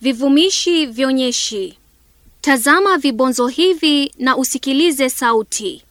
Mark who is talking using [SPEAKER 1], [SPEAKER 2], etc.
[SPEAKER 1] Vivumishi vionyeshi. Tazama vibonzo hivi na usikilize sauti.